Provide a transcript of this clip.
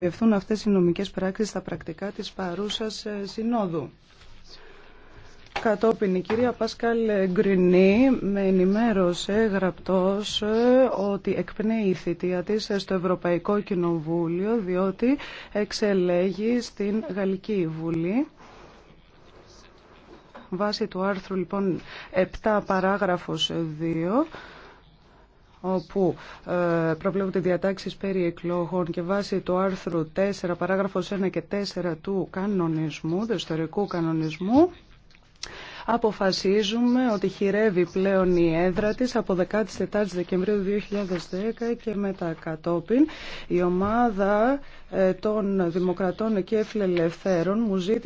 ευθούν αυτές οι νομικές πράξεις στα πρακτικά της παρούσας ε, συνόδου. Κατόπιν η κυρία Πάσκαλ Γκρινή με ενημέρωσε γραπτός ε, ότι εκπνέει η θητεία της ε, στο Ευρωπαϊκό Κοινοβούλιο διότι εξελέγει στην Γαλλική Βουλή. Βάσει του άρθρου λοιπόν 7 παράγραφος 2 όπου ε, προβλέπονται διατάξεις περί εκλογών και βάσει του άρθρου 4, παράγραφος 1 και 4 του κανονισμού, του ιστορικού κανονισμού, αποφασίζουμε ότι χειρεύει πλέον η έδρα της από 14 Δεκεμβρίου 2010 και μετά κατόπιν. Η ομάδα ε, των Δημοκρατών και Φιλελευθέρων μου ζήτησε